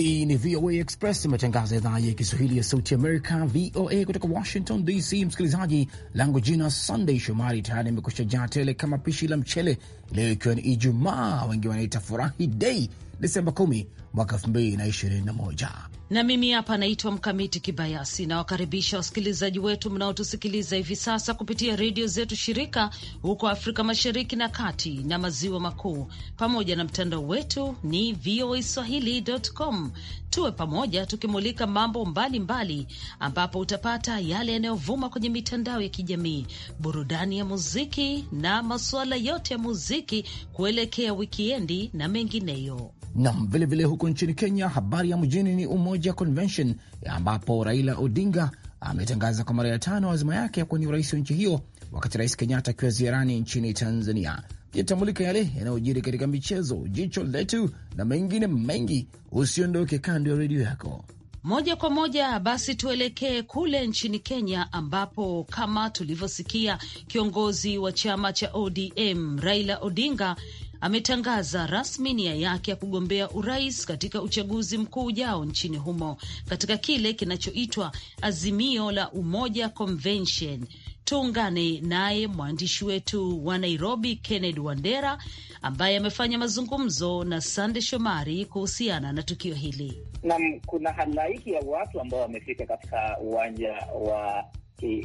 Hii ni VOA Express, matangazo ya idhaa ya Kiswahili ya sauti Amerika, VOA kutoka Washington DC. Msikilizaji langu jina Sunday Shomari, tayari imekusha jaa tele kama pishi la mchele, leo ikiwa ni Ijumaa, wengi wanaita furahi dei, Desemba 10 mwaka 2021 na mimi hapa naitwa Mkamiti Kibayasi. Nawakaribisha wasikilizaji wetu mnaotusikiliza hivi sasa kupitia redio zetu shirika huko Afrika Mashariki na Kati na Maziwa Makuu, pamoja na mtandao wetu ni VOA Swahili.com. Tuwe pamoja tukimulika mambo mbalimbali mbali, ambapo utapata yale yanayovuma kwenye mitandao ya kijamii, burudani ya muziki na masuala yote ya muziki kuelekea wikiendi na mengineyo. Nam vilevile vile huko nchini Kenya, habari ya mjini ni Umoja Convention ambapo Raila Odinga ametangaza kwa mara ya tano azima yake ya kuwania urais wa nchi hiyo, wakati Rais Kenyatta akiwa ziarani nchini Tanzania. yatambulika yale yanayojiri katika michezo, jicho letu na mengine mengi. Usiondoke kando ya redio yako. Moja kwa moja basi tuelekee kule nchini Kenya ambapo kama tulivyosikia kiongozi wa chama cha ODM Raila Odinga ametangaza rasmi nia yake ya kugombea urais katika uchaguzi mkuu ujao nchini humo katika kile kinachoitwa Azimio la Umoja Convention. Tuungane naye mwandishi wetu wa Nairobi, Kennedy Wandera, ambaye amefanya mazungumzo na Sande Shomari kuhusiana na tukio hili. Nam, kuna halaiki ya watu ambao wamefika katika uwanja wa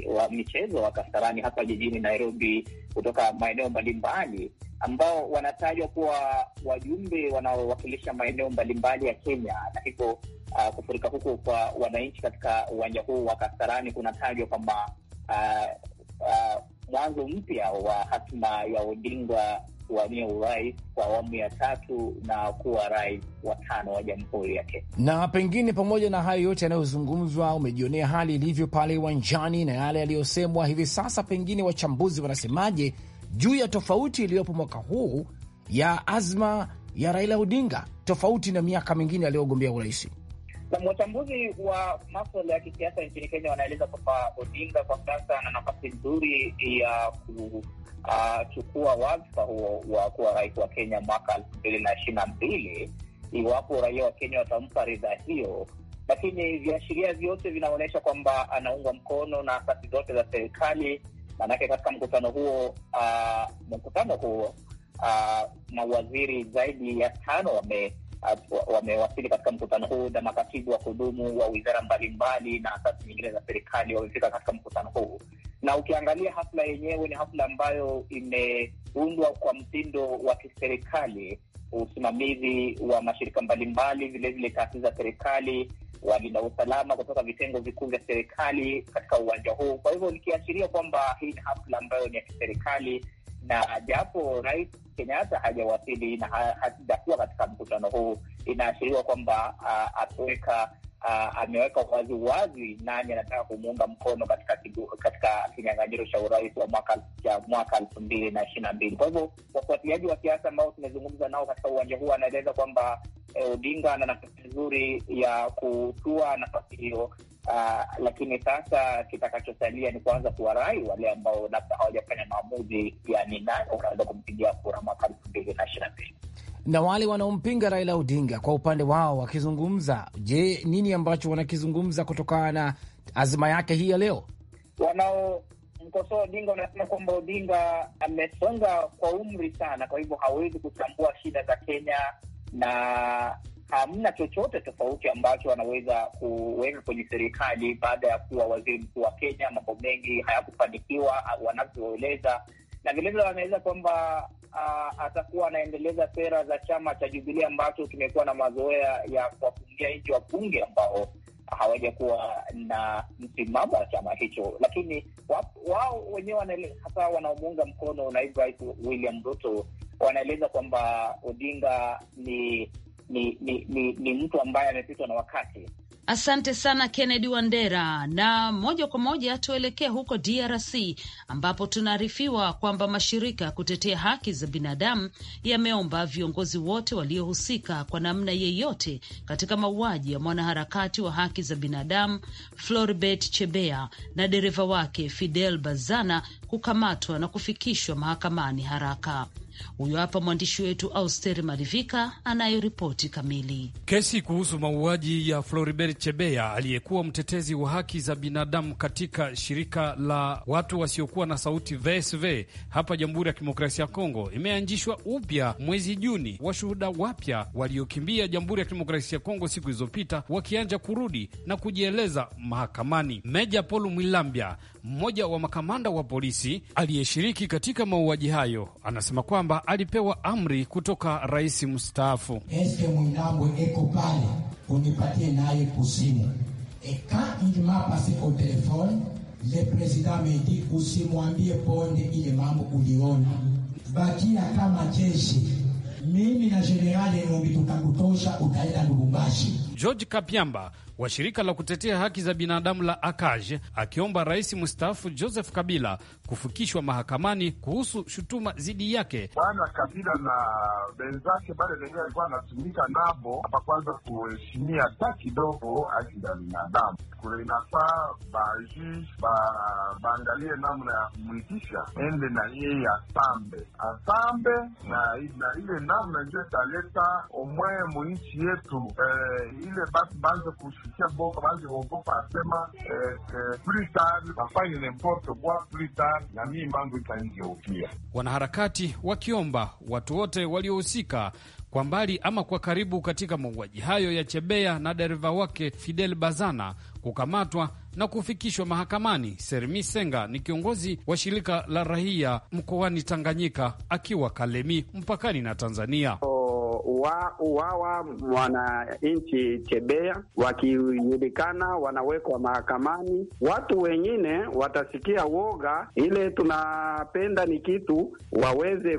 wa michezo wa Kasarani hapa jijini Nairobi kutoka maeneo mbalimbali ambao wanatajwa kuwa wajumbe wanaowakilisha maeneo mbalimbali ya Kenya, na hivyo uh, kufurika huku kwa wananchi katika uwanja huu wa Kasarani kunatajwa kwamba uh, uh, mwanzo mpya wa hatima ya Odinga kuwania urais kwa awamu ya tatu na kuwa rais wa tano wa jamhuri ya Kenya. Na pengine pamoja na hayo yote yanayozungumzwa, umejionea hali ilivyo pale uwanjani na yale yaliyosemwa hivi sasa, pengine wachambuzi wanasemaje juu ya tofauti iliyopo mwaka huu ya azma ya Raila Odinga tofauti na miaka mingine aliyogombea urais? Wachambuzi wa maswala ya kisiasa nchini Kenya wanaeleza kwamba Odinga kwa sasa ana nafasi nzuri ya ku achukua wadhifa huo wa kuwa rais wa Kenya mwaka elfu mbili na ishirini na mbili iwapo raia wa Kenya watampa ridhaa hiyo. Lakini viashiria vyote vinaonyesha kwamba anaungwa mkono na asasi zote za serikali. Maanake katika mkutano huo uh, mkutano huo uh, mawaziri zaidi ya tano wame wamewasili katika mkutano huu na makatibu wa kudumu wa wizara mbalimbali na asasi nyingine za serikali wamefika katika mkutano huu na ukiangalia hafla yenyewe ni hafla ambayo imeundwa kwa mtindo wa kiserikali. Usimamizi wa mashirika mbalimbali, vilevile taasisi za serikali, walinda usalama kutoka vitengo vikuu vya serikali katika uwanja huu, kwa hivyo nikiashiria kwamba hii ni hafla ambayo ni ya kiserikali na japo Rais Kenyatta hajawasili na hajakuwa katika mkutano huu, inaashiriwa kwamba ataweka uh, ameweka wazi wazi nani anataka kumuunga mkono katika katika kinyang'anyiro cha urais cha mwaka elfu mbili na ishirini na mbili. Kwa hivyo wafuatiliaji wa siasa ambao tumezungumza nao katika uwanja huu anaeleza kwamba eh, Odinga ana nafasi nzuri ya kutua nafasi hiyo. Uh, lakini sasa kitakachosalia ni kuanza kuwarai wale ambao labda hawajafanya maamuzi yani nani wanaweza kumpigia kura mwaka elfu mbili na ishirini na mbili na wale wanaompinga Raila Odinga kwa upande wao wakizungumza. Je, nini ambacho wanakizungumza kutokana na azima yake hii ya leo? Wanaomkosoa Odinga wanasema kwamba Odinga amesonga kwa umri sana, kwa hivyo hawezi kutambua shida za Kenya na hamna chochote tofauti ambacho wanaweza kuweka kwenye serikali baada ya kuwa waziri mkuu wa Kenya. Mambo mengi hayakufanikiwa wanavyoeleza, na vilevile wanaeleza kwamba uh, atakuwa anaendeleza sera za chama cha jubilia ambacho kimekuwa na mazoea ya kuwafungia nje bunge ambao hawajakuwa na msimamo wa chama hicho, lakini wao wenyewe hasa wanaomuunga mkono naibu rais William Ruto wanaeleza kwamba Odinga ni ni ni, ni, ni mtu ambaye amepitwa na wakati Asante sana Kennedy Wandera, na moja kwa moja tuelekee huko DRC ambapo tunaarifiwa kwamba mashirika ya kutetea haki za binadamu yameomba viongozi wote waliohusika kwa namna yeyote katika mauaji ya mwanaharakati wa haki za binadamu Floribert chebea na dereva wake Fidel Bazana kukamatwa na kufikishwa mahakamani haraka. Huyo hapa mwandishi wetu Austeri Marivika anayeripoti kamili. Kesi kuhusu mauaji ya Floribert chebea aliyekuwa mtetezi wa haki za binadamu katika shirika la watu wasiokuwa na sauti VSV hapa Jamhuri ya Kidemokrasia ya Kongo imeanzishwa upya mwezi Juni, washuhuda wapya waliokimbia Jamhuri ya Kidemokrasia ya Kongo siku zilizopita wakianja kurudi na kujieleza mahakamani. Meja Paul Mwilambya, mmoja wa makamanda wa polisi aliyeshiriki katika mauaji hayo, anasema kwamba kwamba alipewa amri kutoka rais mstaafu Eske Mwinambwe eko pale, unipatie naye kusimu e quand il m'a telefone le president me usimwambie Ponde ile mambo uliona, bakia kama jeshi mimi na jenerali Numbi tutakutosha, utaenda Lubumbashi. George Kapiamba wa shirika la kutetea haki za binadamu la ACAJ akiomba rais mstaafu Joseph Kabila kufikishwa mahakamani kuhusu shutuma dhidi yake. Bwana Kabila na wenzake bale lenyewe alikuwa anatumika nabo hapa, kwanza kuheshimia hata kidogo haki za binadamu kule, inafaa ba, baangalie namna ya kumwitisha ende na yeye asambe asambe na, na ile namna ndio italeta omwe mu nchi yetu eh, ile basi baanze kupitia baadhi ya waogopa asema eh, eh, plus tard n'importe quoi plus tard na mimi mambo itanigeukia. Wanaharakati wakiomba watu wote waliohusika kwa mbali ama kwa karibu katika mauaji hayo ya Chebea na dereva wake Fidel Bazana kukamatwa na kufikishwa mahakamani. Sermi Senga ni kiongozi wa shirika la rahia mkoani Tanganyika akiwa Kalemi mpakani na Tanzania wawa mwananchi Chebea, wakijulikana wanawekwa mahakamani. Watu wengine watasikia woga, ile tunapenda ni kitu waweze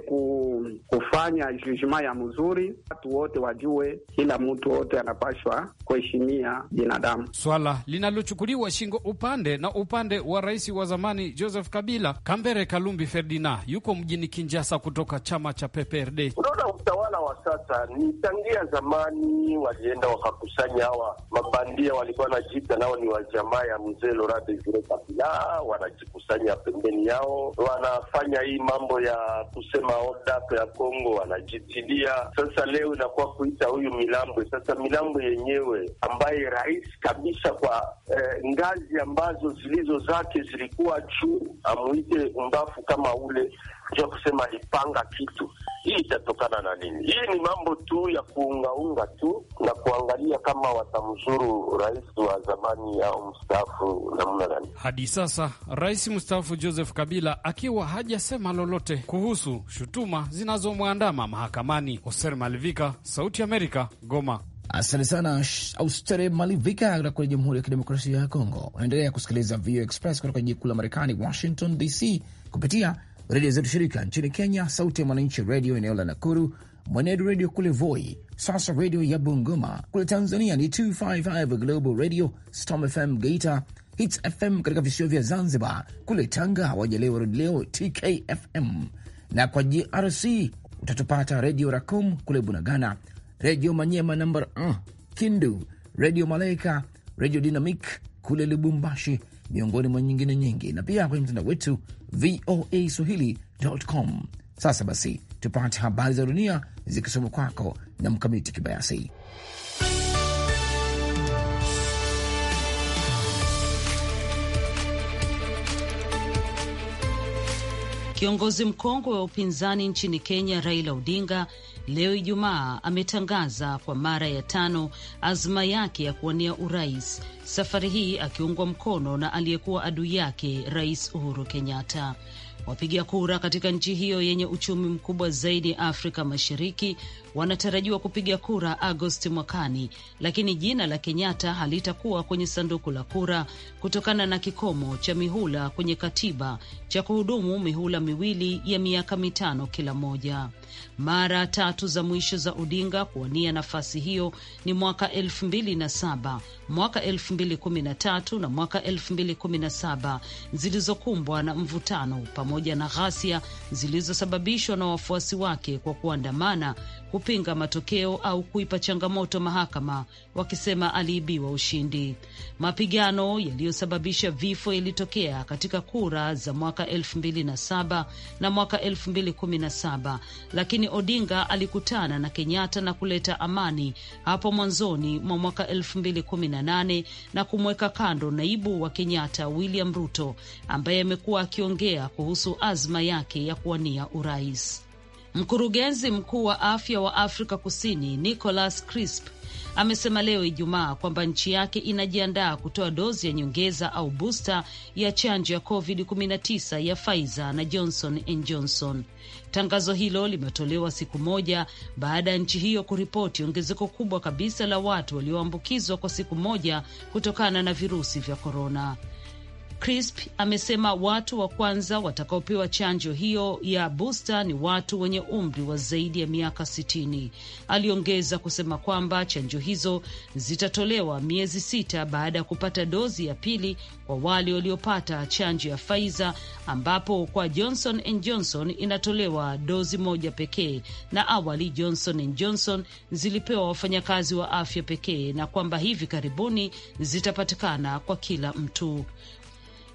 kufanya jujuma ya mzuri, watu wote wajue, kila mtu wote anapashwa kuheshimia binadamu, swala linalochukuliwa shingo upande na upande wa rais wa zamani Joseph Kabila. Kambere Kalumbi Ferdinand yuko mjini Kinjasa kutoka chama cha PPRD. Unaona utawala wa sasa sasa ni tangia zamani walienda wakakusanya hawa mabandia walikuwa wanajiita nao ni wajamaa ya mzee Laurent Desire Kabila, wanajikusanya pembeni yao, wanafanya hii mambo ya kusema ODAP ya Kongo, wanajitilia sasa. Leo inakuwa kuita huyu Milambwe. Sasa Milambwe yenyewe ambaye rais kabisa kwa eh, ngazi ambazo zilizo zake zilikuwa juu, amuite umbafu kama ule sio kusema alipanga kitu. Hii itatokana na nini? Hii ni mambo tu ya kuungaunga tu na kuangalia kama watamzuru rais wa zamani au mstaafu namna gani. Hadi sasa rais mstaafu Joseph Kabila akiwa hajasema lolote kuhusu shutuma zinazomwandama mahakamani. Hoser Malivika, Sauti Amerika, Goma. Asante sana Austere Malivika kutoka kwenye Jamhuri ya Kidemokrasia ya Kongo. Unaendelea kusikiliza VOA Express kutoka jiji kuu la Marekani, Washington DC, kupitia redio zetu shirika nchini Kenya, Sauti ya Mwananchi redio eneo la Nakuru, Mwenedu redio kule Voi, Sasa redio ya Bungoma. Kule Tanzania ni 255 Global Radio, Storm FM Geita, Hits FM katika visio vya Zanzibar. Kule Tanga hawajalewa redio leo TKFM, na kwa DRC utatupata redio Racom kule Bunagana, redio Manyema namba uh, Kindu, redio Malaika, redio Dynamic kule Lubumbashi, miongoni mwa nyingine nyingi, na pia kwenye mtandao wetu voa swahili.com. Sasa basi, tupate habari za dunia zikisoma kwako na Mkamiti Kibayasi. Kiongozi mkongwe wa upinzani nchini Kenya Raila Odinga leo Ijumaa ametangaza kwa mara ya tano azma yake ya kuwania urais, safari hii akiungwa mkono na aliyekuwa adui yake Rais Uhuru Kenyatta. Wapiga kura katika nchi hiyo yenye uchumi mkubwa zaidi Afrika Mashariki wanatarajiwa kupiga kura Agosti mwakani, lakini jina la Kenyatta halitakuwa kwenye sanduku la kura kutokana na kikomo cha mihula kwenye katiba cha kuhudumu mihula miwili ya miaka mitano kila moja. Mara tatu za mwisho za Odinga kuwania nafasi hiyo ni mwaka 27 mwaka 2013 na mwaka 217 zilizokumbwa na mvutano pamoja na ghasia zilizosababishwa na wafuasi wake kwa kuandamana kupinga matokeo au kuipa changamoto mahakama, wakisema aliibiwa ushindi. Mapigano yaliyosababisha vifo yalitokea katika kura za mwaka elfu mbili na saba na mwaka elfu mbili kumi na saba lakini Odinga alikutana na Kenyatta na kuleta amani hapo mwanzoni mwa mwaka elfu mbili kumi na nane na kumweka kando naibu wa Kenyatta William Ruto ambaye amekuwa akiongea kuhusu azma yake ya kuwania urais. Mkurugenzi mkuu wa afya wa Afrika Kusini Nicolas Crisp amesema leo Ijumaa kwamba nchi yake inajiandaa kutoa dozi ya nyongeza au busta ya chanjo ya COVID-19 ya Pfizer na Johnson and Johnson. Tangazo hilo limetolewa siku moja baada ya nchi hiyo kuripoti ongezeko kubwa kabisa la watu walioambukizwa kwa siku moja kutokana na virusi vya korona. Crisp amesema watu wa kwanza watakaopewa chanjo hiyo ya busta ni watu wenye umri wa zaidi ya miaka 60. Aliongeza kusema kwamba chanjo hizo zitatolewa miezi sita baada ya kupata dozi ya pili kwa wale waliopata chanjo ya Pfizer, ambapo kwa Johnson and Johnson inatolewa dozi moja pekee, na awali Johnson and Johnson zilipewa wafanyakazi wa afya pekee, na kwamba hivi karibuni zitapatikana kwa kila mtu.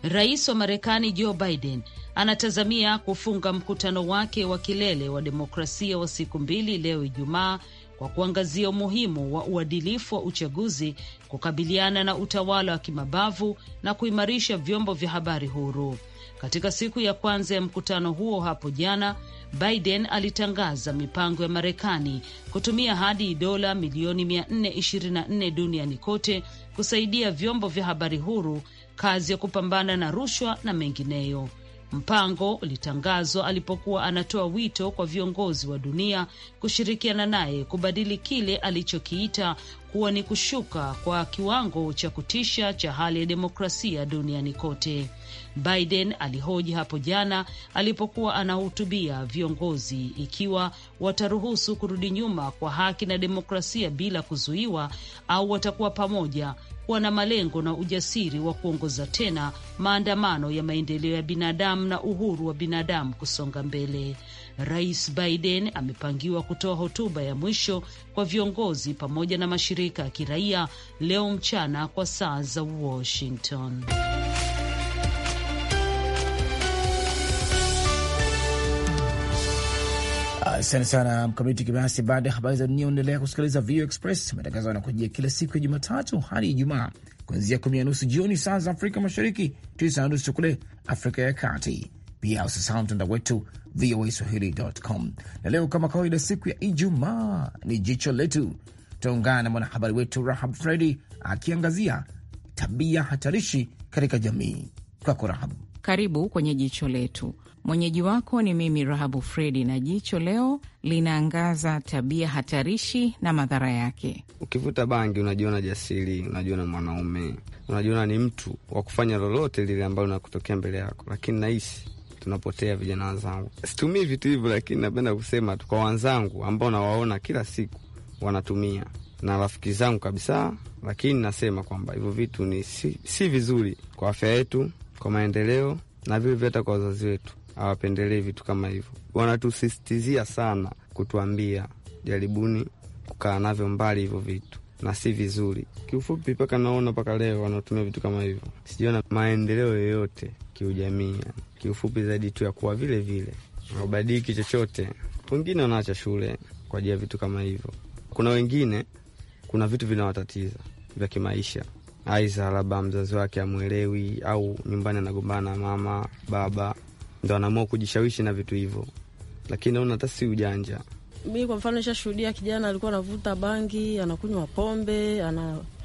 Rais wa Marekani Joe Biden anatazamia kufunga mkutano wake wa kilele wa demokrasia wa siku mbili leo Ijumaa kwa kuangazia umuhimu wa uadilifu wa uchaguzi, kukabiliana na utawala wa kimabavu na kuimarisha vyombo vya habari huru. Katika siku ya kwanza ya mkutano huo hapo jana, Biden alitangaza mipango ya Marekani kutumia hadi dola milioni 424 duniani kote kusaidia vyombo vya habari huru kazi ya kupambana na rushwa na mengineyo. Mpango ulitangazwa alipokuwa anatoa wito kwa viongozi wa dunia kushirikiana naye kubadili kile alichokiita kuwa ni kushuka kwa kiwango cha kutisha cha hali ya demokrasia duniani kote. Biden alihoji hapo jana alipokuwa anahutubia viongozi ikiwa wataruhusu kurudi nyuma kwa haki na demokrasia bila kuzuiwa au watakuwa pamoja kuwa na malengo na ujasiri wa kuongoza tena maandamano ya maendeleo ya binadamu na uhuru wa binadamu kusonga mbele. Rais Biden amepangiwa kutoa hotuba ya mwisho kwa viongozi pamoja na mashirika ya kiraia leo mchana kwa saa za Washington. Asante sana Mkamiti Kibayasi. Baada ya habari za dunia, unaendelea kusikiliza VOA Express. Matangazo yanakujia kila siku ya Jumatatu hadi Ijumaa, kuanzia kumi na nusu jioni saa za Afrika Mashariki, tisa na nusu kule Afrika ya Kati. Pia usisahau mtandao wetu VOA Swahili.com. Na leo kama kawaida, siku ya Ijumaa ni jicho letu. Tutaungana na mwanahabari wetu Rahab Fredi akiangazia tabia hatarishi katika jamii. Kwako Rahab. Karibu kwenye jicho letu. Mwenyeji wako ni mimi Rahabu Fredi, na jicho leo linaangaza tabia hatarishi na madhara yake. Ukivuta bangi, unajiona jasiri, unajiona mwanaume, unajiona ni mtu wa kufanya lolote lile ambalo nakutokea mbele yako, lakini nahisi tunapotea vijana wenzangu. Situmii vitu hivyo, lakini napenda kusema tu kwa wenzangu ambao nawaona kila siku wanatumia na rafiki zangu kabisa, lakini nasema kwamba hivyo vitu ni si, si vizuri kwa afya yetu, kwa maendeleo na vile hata kwa wazazi wetu hawapendelei vitu kama hivyo. Wanatusisitizia sana kutuambia, jaribuni kukaa navyo mbali hivyo vitu na si vizuri. Kiufupi, mpaka naona mpaka leo wanaotumia vitu kama hivyo, sijiona maendeleo yoyote kiujamii. Kiufupi zaidi tu ya kuwa vile vile wabadiki chochote. Wengine wanaacha shule kwa ajili ya vitu kama hivyo. Kuna wengine, kuna vitu vinawatatiza vya kimaisha, aidha labda mzazi wake amwelewi, au nyumbani anagombana na mama baba ndo anaamua kujishawishi na vitu hivyo, lakini naona hata si ujanja. Mi kwa mfano nishashuhudia kijana alikuwa anavuta bangi, anakunywa pombe,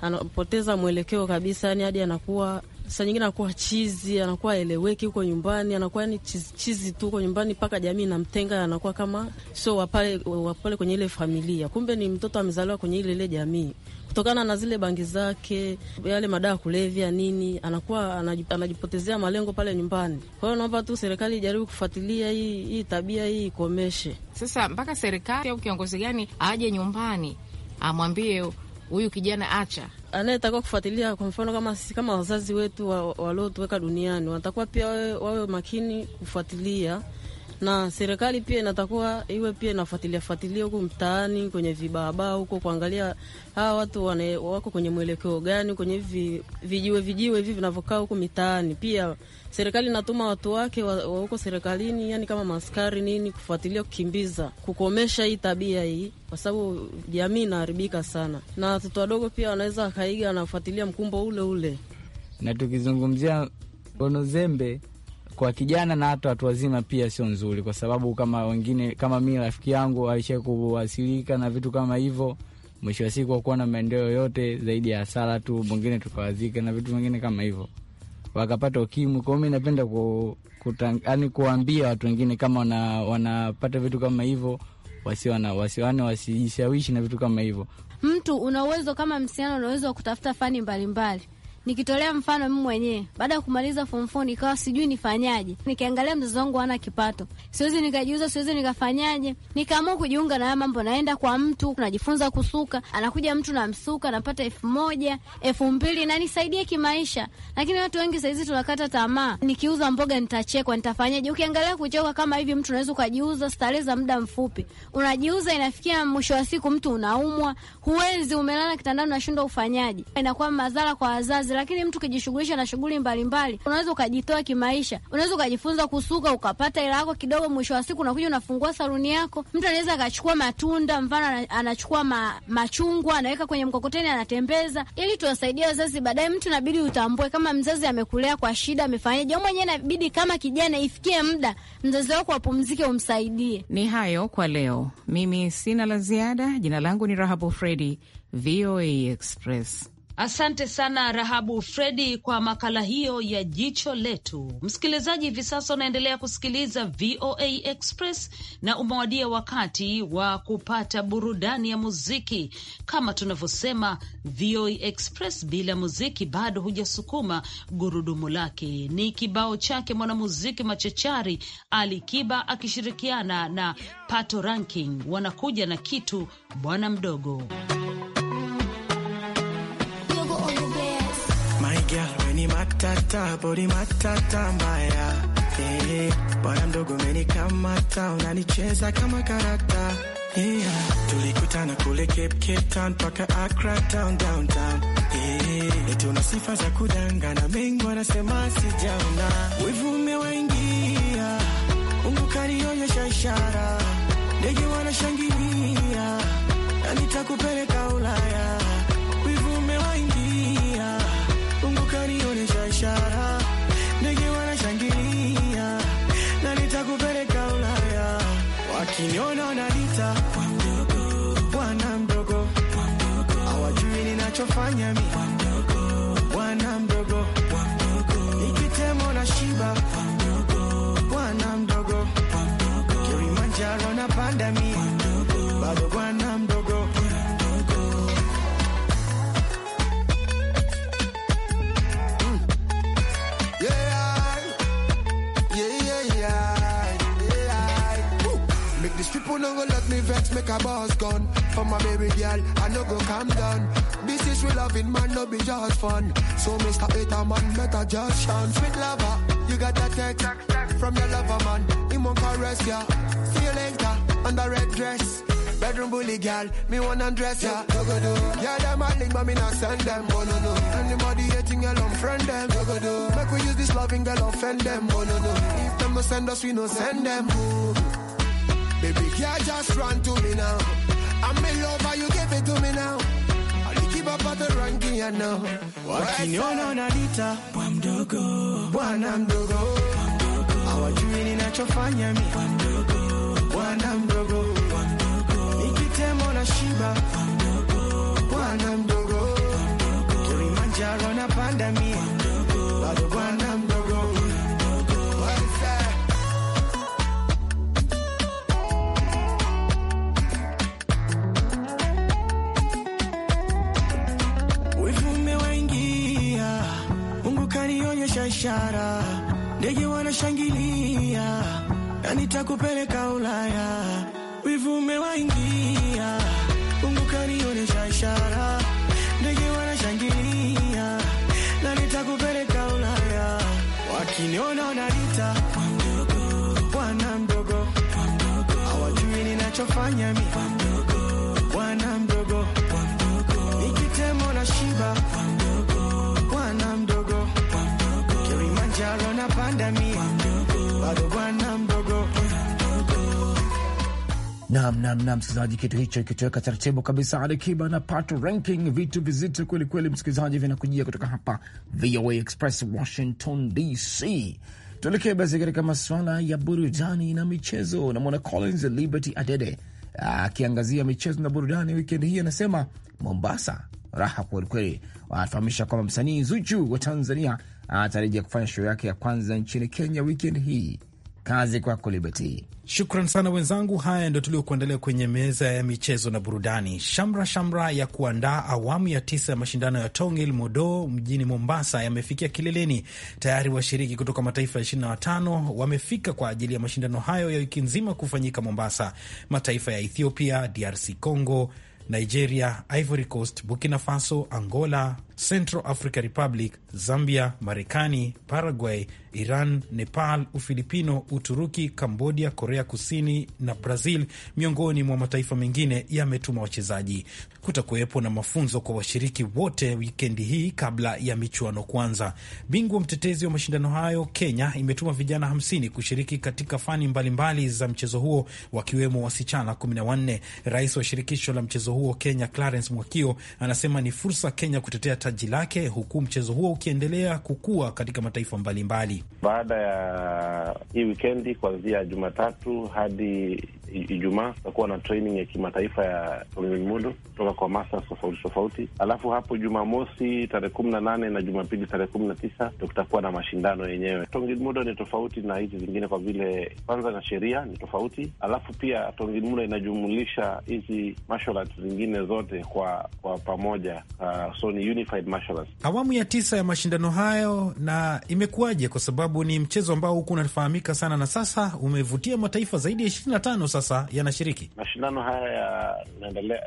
anapoteza ana mwelekeo kabisa, yani hadi anakuwa sa nyingine anakuwa chizi, anakuwa aeleweki huko nyumbani, anakuwa yani chizi, chizi tu huko nyumbani, mpaka jamii inamtenga, anakuwa kama sio wapale, wapale kwenye ile familia, kumbe ni mtoto amezaliwa kwenye ile ile jamii kutokana na zile bangi zake, yale madawa ya kulevya nini, anakuwa anajipotezea malengo pale nyumbani. Kwa hiyo naomba tu serikali ijaribu kufuatilia hii hii tabia hii ikomeshe. Sasa mpaka serikali au kiongozi gani aje nyumbani amwambie huyu kijana acha anayetakiwa kufuatilia. Kwa mfano kama sisi kama wazazi wetu waliotuweka duniani, wanatakiwa pia wawe, wawe makini kufuatilia na serikali pia inatakuwa iwe pia inafuatilia fuatilia huku mtaani kwenye vibaba huko kuangalia hawa watu wane, wako kwenye mwelekeo gani kwenye hivi vijiwe vijiwe hivi vinavyokaa huku mitaani. Pia serikali inatuma watu wake wa, huko serikalini, yani kama maskari nini, kufuatilia kukimbiza, kukomesha hii tabia hii, kwa sababu jamii inaharibika sana, na watoto wadogo pia wanaweza wakaiga, wanafuatilia mkumbo ule ule. Na tukizungumzia ngono zembe kwa kijana na hata watu wazima pia sio nzuri, kwa sababu kama wengine kama mi rafiki yangu aisha kuwasilika na vitu kama hivyo, mwisho wa siku hakuwa na maendeleo yote zaidi ya hasara tu, mwingine tukawazika na vitu vingine kama hivyo, wakapata ukimwi. Kwao mi napenda ku, yani watu wengine kama wana, wanapata vitu kama hivyo wasiwana wasiwane yaani wasijishawishi na vitu kama hivyo. Mtu una uwezo kama msichana, una uwezo wa kutafuta fani mbalimbali mbali. Nikitolea mfano mimi mwenyewe, baada ya kumaliza form four nikawa sijui nifanyaje, nikiangalia mzazi wangu hana kipato, siwezi nikajiuza, siwezi nikafanyaje, nikaamua kujiunga na haya mambo. Naenda kwa mtu najifunza kusuka, anakuja mtu namsuka, napata elfu moja elfu mbili na nisaidie kimaisha. Lakini watu wengi saizi tunakata tamaa, nikiuza mboga nitachekwa, nitafanyaje? Ukiangalia kuchoka kama hivi, mtu unaweza ukajiuza starehe za muda mfupi, unajiuza, inafikia mwisho wa siku mtu unaumwa, huwezi, umelala kitandani, unashindwa ufanyaje, inakuwa madhara kwa wazazi lakini mtu kijishughulisha na shughuli mbalimbali, unaweza ukajitoa kimaisha, unaweza ukajifunza kusuka ukapata hela yako kidogo, mwisho wa siku unakuja unafungua saluni yako. Mtu anaweza akachukua matunda, mfano anachukua ma, machungwa anaweka kwenye mkokoteni anatembeza, ili tuwasaidie wazazi baadaye. Mtu inabidi utambue kama mzazi amekulea kwa shida, amefanyaje au mwenyewe, inabidi kama kijana ifikie muda mzazi wako apumzike, umsaidie. Ni hayo kwa leo, mimi sina la ziada. Jina langu ni Rahabu Fredi, VOA Express. Asante sana Rahabu Fredi kwa makala hiyo ya jicho letu. Msikilizaji, hivi sasa unaendelea kusikiliza VOA Express na umewadia wakati wa kupata burudani ya muziki. Kama tunavyosema, VOA Express bila muziki bado hujasukuma gurudumu lake. Ni kibao chake mwanamuziki machachari Ali Kiba akishirikiana na Pato Ranking, wanakuja na kitu bwana mdogo matata, body matata mbaya hey, bwana mdogo umenikamata, unanicheza kama karakta yeah. Tulikutana kule Cape, Cape Town mpaka Accra town downtown hey, eti una sifa za kudangana, mengi wanasema sijaona, wivu umewaingia, Mungu kanionyesha ishara, ndege wanashangilia na nitakupeleka Ulaya shot high. just fun. So Mr. Etterman, met a just chance with lover. You got that text from your lover man. He won't caress ya. See you later under red dress. Bedroom bully girl, me wanna dress ya. Yeah, go do. Yeah, them a link, but me not send them. Oh no no. Anybody hating, girl, unfriend them. Go go do. Make we use this loving, girl, offend them. Oh no no. If them no send us, we no send them. Ooh. Baby girl, just run to me now. I'm in love, you give it to me now. nimepata rangi ya no. Wakiniona wananiita bwa mdogo, bwana mdogo, hawajui ninachofanya mi bwana mdogo, nikitemo na shiba bwana mdogo, Kilimanjaro napanda mi bado bwana mdogo biashara, ndege wanashangilia, na nitakupeleka Ulaya, wivu umewaingia, unguka nionesha ishara, ndege wanashangilia, na nitakupeleka Ulaya, wakiniona wananita wa mdogo, wana mdogo, hawajui ninachofanya mimi Nam nam nam, msikilizaji, kitu hicho ikitoweka taratibu kabisa. Alikiba na Pat ranking, vitu vizito kweli kweli, msikilizaji, vinakujia kutoka hapa VOA Express, Washington DC. Tuelekee basi katika masuala ya burudani na michezo, na Collins Liberty Adede ah, akiangazia michezo na burudani wikendi hii, anasema Mombasa raha kwelikweli. Wanafahamisha kwamba msanii Zuchu wa Tanzania ah, atarejea kufanya show yake ya kwanza nchini Kenya wikendi hii. Kazi kwako Liberty. Shukran sana wenzangu. Haya ndo tuliokuandalia kwenye meza ya michezo na burudani. Shamra shamra ya kuandaa awamu ya tisa ya mashindano ya Tongil Modo mjini Mombasa yamefikia kileleni tayari. Washiriki kutoka mataifa 25 wamefika kwa ajili ya mashindano hayo ya wiki nzima kufanyika Mombasa. Mataifa ya Ethiopia, DRC Congo, Nigeria, Ivory Coast, Burkina Faso, Angola, Central Africa Republic, Zambia, Marekani, Paraguay, Iran, Nepal, Ufilipino, Uturuki, Kambodia, Korea Kusini na Brazil, miongoni mwa mataifa mengine yametuma wachezaji. Kutakuwepo na mafunzo kwa washiriki wote wikendi hii kabla ya michuano kuanza. Bingwa mtetezi wa mashindano hayo Kenya imetuma vijana 50 kushiriki katika fani mbalimbali mbali za mchezo huo, wakiwemo wasichana 14. Rais wa shirikisho la mchezo huo Kenya, Clarence Mwakio, anasema ni fursa Kenya kutetea taji lake, huku mchezo huo ukiendelea kukua katika mataifa mbalimbali. Baada ya hii wikendi, kuanzia Jumatatu hadi Ijumaa tutakuwa na training ya kimataifa ya Olimimudu kutoka kwa masa tofauti tofauti, alafu hapo Jumamosi tarehe kumi na nane na Jumapili tarehe kumi na tisa ndo kutakuwa na mashindano yenyewe. Tongilmudo ni tofauti na hizi zingine kwa vile kwanza na sheria ni tofauti, alafu pia Tongilmudo inajumulisha hizi martial arts zingine zote kwa kwa pamoja. Uh, so ni unified Awamu ya tisa ya mashindano hayo, na imekuwaje? Kwa sababu ni mchezo ambao huku unafahamika sana, na sasa umevutia mataifa zaidi ya ishirini na tano sasa yanashiriki mashindano haya. Yanaendelea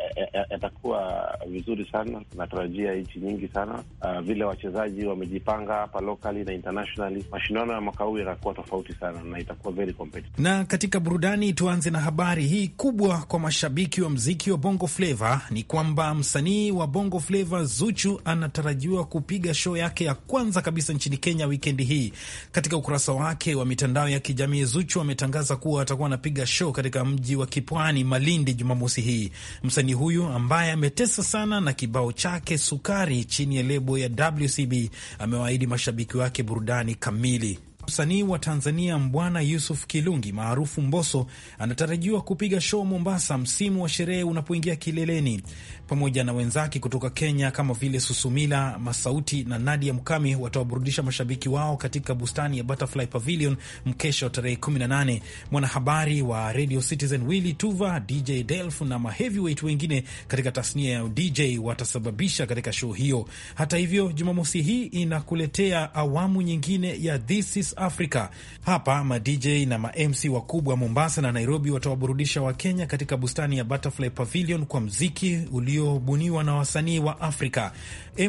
yatakuwa ya, ya vizuri sana, tunatarajia nchi nyingi sana. Uh, vile wachezaji wamejipanga hapa locally na internationally, mashindano ya mwaka huu yatakuwa tofauti sana na itakuwa very competitive. Na katika burudani, tuanze na habari hii kubwa kwa mashabiki wa mziki wa bongo flava, ni kwamba msanii wa bongo flava Zuchu anatarajiwa kupiga show yake ya kwanza kabisa nchini Kenya wikendi hii. Katika ukurasa wake wa mitandao ya kijamii, Zuchu ametangaza kuwa atakuwa anapiga show katika mji wa Kipwani, Malindi, Jumamosi hii. Msanii huyu ambaye ametesa sana na kibao chake Sukari chini ya lebo ya WCB amewaahidi mashabiki wake burudani kamili. Msanii wa Tanzania Mbwana Yusuf Kilungi maarufu mboso anatarajiwa kupiga show Mombasa msimu wa sherehe unapoingia kileleni pamoja na wenzake kutoka Kenya kama vile Susumila Masauti na Nadia Mkami watawaburudisha mashabiki wao katika bustani ya Butterfly Pavilion mkesho wa tarehe 18. Mwanahabari wa Radio Citizen Willy Tuva, DJ Delf na maheavyweight wengine katika tasnia ya DJ watasababisha katika show hiyo. Hata hivyo, Jumamosi hii inakuletea awamu nyingine ya This is Africa. Hapa ma DJ na ma MC wakubwa Mombasa na Nairobi watawaburudisha Wakenya katika bustani ya Butterfly Pavilion kwa mziki ulio waliobuniwa na wasanii wa Afrika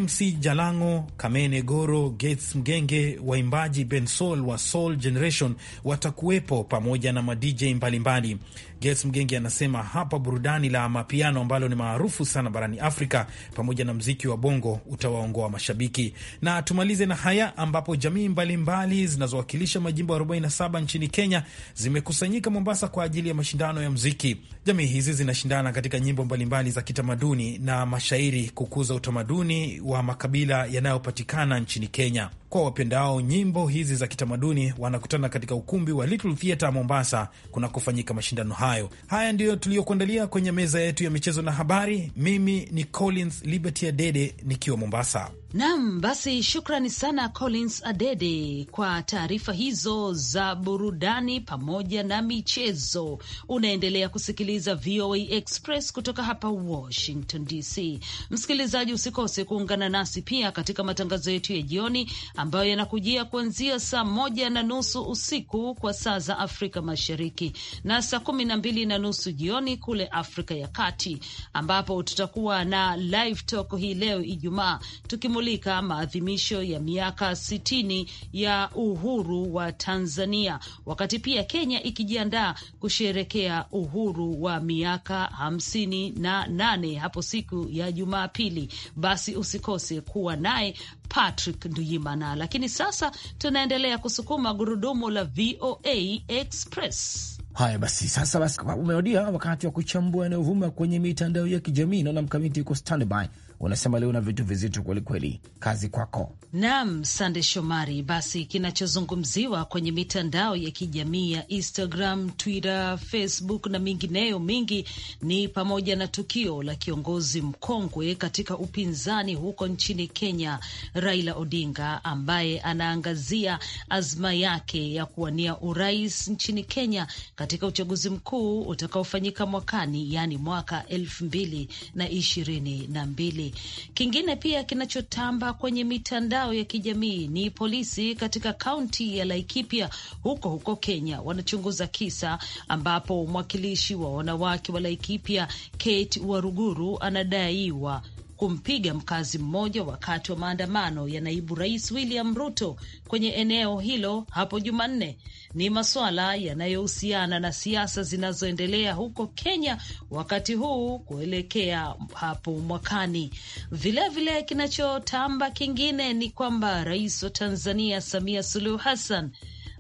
MC Jalango, Kamene Goro, Gates Mgenge, waimbaji Bensoul wa Soul Generation watakuwepo pamoja na madj mbalimbali. Gates Mgenge anasema hapa burudani la mapiano ambalo ni maarufu sana barani Afrika pamoja na mziki wa bongo utawaongoa mashabiki. Na tumalize na haya ambapo jamii mbalimbali zinazowakilisha majimbo 47 nchini Kenya zimekusanyika Mombasa kwa ajili ya mashindano ya mziki. Jamii hizi zinashindana katika nyimbo mbalimbali za kitamaduni utamaduni na mashairi kukuza utamaduni wa makabila yanayopatikana nchini Kenya. Kwa wapendao nyimbo hizi za kitamaduni, wanakutana katika ukumbi wa Little Theatre Mombasa kufanyika mashindano hayo. Haya ndiyo tuliyokuandalia kwenye meza yetu ya michezo na habari. Mimi ni Collins Liberty Adede nikiwa Mombasa. Nam, basi shukrani sana Collins Adede kwa taarifa hizo za burudani pamoja na michezo. Unaendelea kusikiliza VOA Express kutoka hapa Washington DC. Msikilizaji, usikose kuungana nasi pia katika matangazo yetu ya jioni ambayo yanakujia kuanzia saa moja na nusu usiku kwa saa za Afrika Mashariki na saa kumi na mbili na nusu jioni kule Afrika ya Kati, ambapo tutakuwa na live talk hii leo Ijumaa tukimu kumulika maadhimisho ya miaka sitini ya uhuru wa Tanzania, wakati pia Kenya ikijiandaa kusherekea uhuru wa miaka hamsini na nane hapo siku ya Jumapili. Basi usikose kuwa naye Patrick Nduyimana. Lakini sasa tunaendelea kusukuma gurudumu la VOA Express. Haya basi, sasa basi, umeodia wakati wa kuchambua yanayovuma kwenye mitandao ya kijamii. Naona mkamiti uko standby unasema leo na vitu vizito kwelikweli. Kazi kwako. Naam, sande Shomari. Basi kinachozungumziwa kwenye mitandao ya kijamii ya Instagram, Twitter, Facebook na mingineyo mingi ni pamoja na tukio la kiongozi mkongwe katika upinzani huko nchini Kenya, Raila Odinga, ambaye anaangazia azma yake ya kuwania urais nchini Kenya katika uchaguzi mkuu utakaofanyika mwakani, yaani mwaka elfu mbili na ishirini na mbili. Kingine pia kinachotamba kwenye mitandao ya kijamii ni polisi katika kaunti ya Laikipia huko huko Kenya wanachunguza kisa ambapo mwakilishi wa wanawake wa Laikipia Kate Waruguru anadaiwa kumpiga mkazi mmoja wakati wa maandamano ya naibu rais William Ruto kwenye eneo hilo hapo Jumanne ni masuala yanayohusiana na siasa zinazoendelea huko Kenya wakati huu kuelekea hapo mwakani. Vilevile, kinachotamba kingine ni kwamba rais wa Tanzania Samia Suluhu Hassan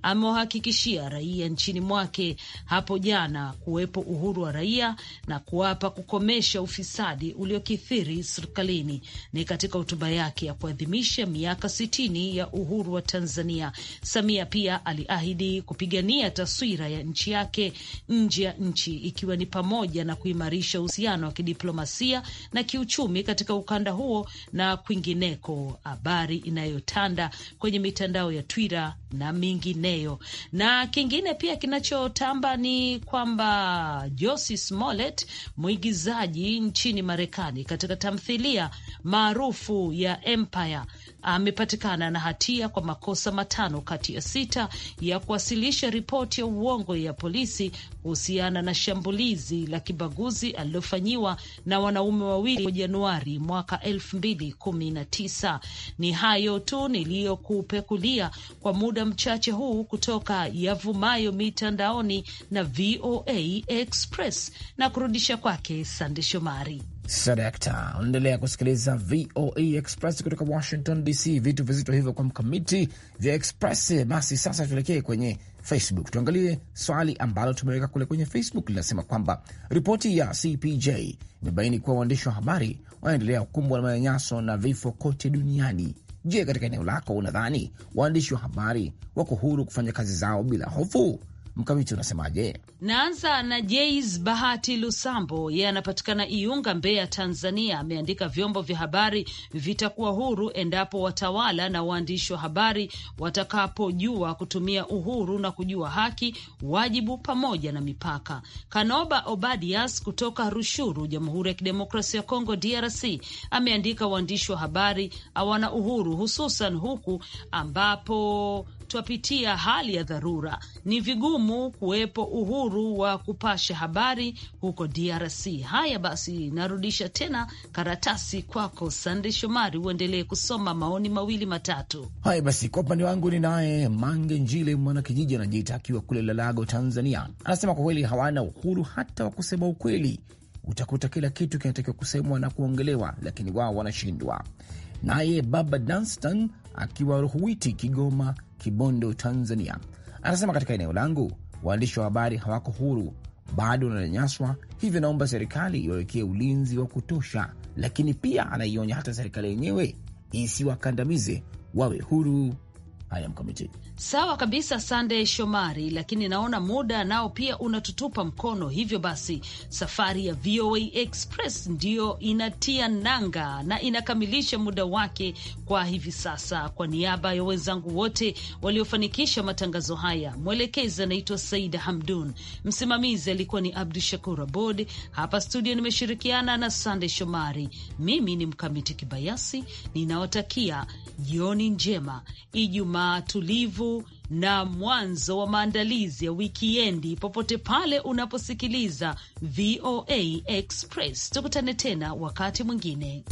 amewahakikishia raia nchini mwake hapo jana kuwepo uhuru wa raia na kuwapa kukomesha ufisadi uliokithiri serikalini. Ni katika hotuba yake ya kuadhimisha miaka sitini ya uhuru wa Tanzania. Samia pia aliahidi kupigania taswira ya nchi yake nje ya nchi, ikiwa ni pamoja na kuimarisha uhusiano wa kidiplomasia na kiuchumi katika ukanda huo na kwingineko, habari inayotanda kwenye mitandao ya Twitter na mingine leo. Na kingine pia kinachotamba ni kwamba Josie Smollett, mwigizaji nchini Marekani, katika tamthilia maarufu ya Empire amepatikana na hatia kwa makosa matano kati ya sita ya kuwasilisha ripoti ya uongo ya polisi kuhusiana na shambulizi la kibaguzi alilofanyiwa na wanaume wawili wa Januari mwaka elfu mbili kumi na tisa. Ni hayo tu niliyokupekulia kwa muda mchache huu kutoka yavumayo mitandaoni na VOA Express na kurudisha kwake Sande Shomari. Sadakta. Unaendelea kusikiliza VOA e Express kutoka Washington DC. Vitu vizito hivyo kwa mkamiti vya Express. Basi sasa tuelekee kwenye Facebook, tuangalie swali ambalo tumeweka kule kwenye Facebook. Linasema kwamba ripoti ya CPJ imebaini kuwa waandishi wa habari wanaendelea kukumbwa na manyanyaso na vifo kote duniani. Je, katika eneo lako unadhani waandishi wa habari wako huru kufanya kazi zao bila hofu? Mkamiti, unasemaje? Naanza na Jais Bahati Lusambo, yeye anapatikana Iunga, Mbeya, Tanzania. Ameandika vyombo vya habari vitakuwa huru endapo watawala na waandishi wa habari watakapojua kutumia uhuru na kujua haki, wajibu pamoja na mipaka. Kanoba Obadias kutoka Rushuru, Jamhuri ya Kidemokrasia ya Kongo, DRC, ameandika waandishi wa habari hawana uhuru, hususan huku ambapo twapitia hali ya dharura, ni vigumu kuwepo uhuru wa kupasha habari huko DRC. Haya basi, narudisha tena karatasi kwako Sande Shomari, uendelee kusoma maoni mawili matatu. Haya basi, kwa upande wangu ni naye Mange Njile mwanakijiji anajiita akiwa kule Lalago, Tanzania, anasema kwa kweli hawana uhuru hata wa kusema ukweli. Utakuta kila kitu kinatakiwa kusemwa na kuongelewa, lakini wao wanashindwa. Naye Baba Danstan akiwa Ruhuwiti, Kigoma, Kibondo, Tanzania, anasema katika eneo langu waandishi wa habari hawako huru, bado wananyanyaswa, hivyo naomba serikali iwawekee ulinzi wa kutosha. Lakini pia anaionya hata serikali yenyewe isiwakandamize, wawe huru. Haya, Mkamiti. Sawa kabisa, Sande Shomari, lakini naona muda nao pia unatutupa mkono. Hivyo basi, safari ya VOA Express ndiyo inatia nanga na inakamilisha muda wake kwa hivi sasa. Kwa niaba ya wenzangu wote waliofanikisha matangazo haya, mwelekezi anaitwa Saida Hamdun, msimamizi alikuwa ni Abdu Shakur Abod. Hapa studio nimeshirikiana na Sande Shomari. Mimi ni Mkamiti Kibayasi, ninawatakia jioni njema Ijumaa Ijumaa tulivu na mwanzo wa maandalizi ya wikiendi popote pale unaposikiliza VOA Express. Tukutane tena wakati mwingine.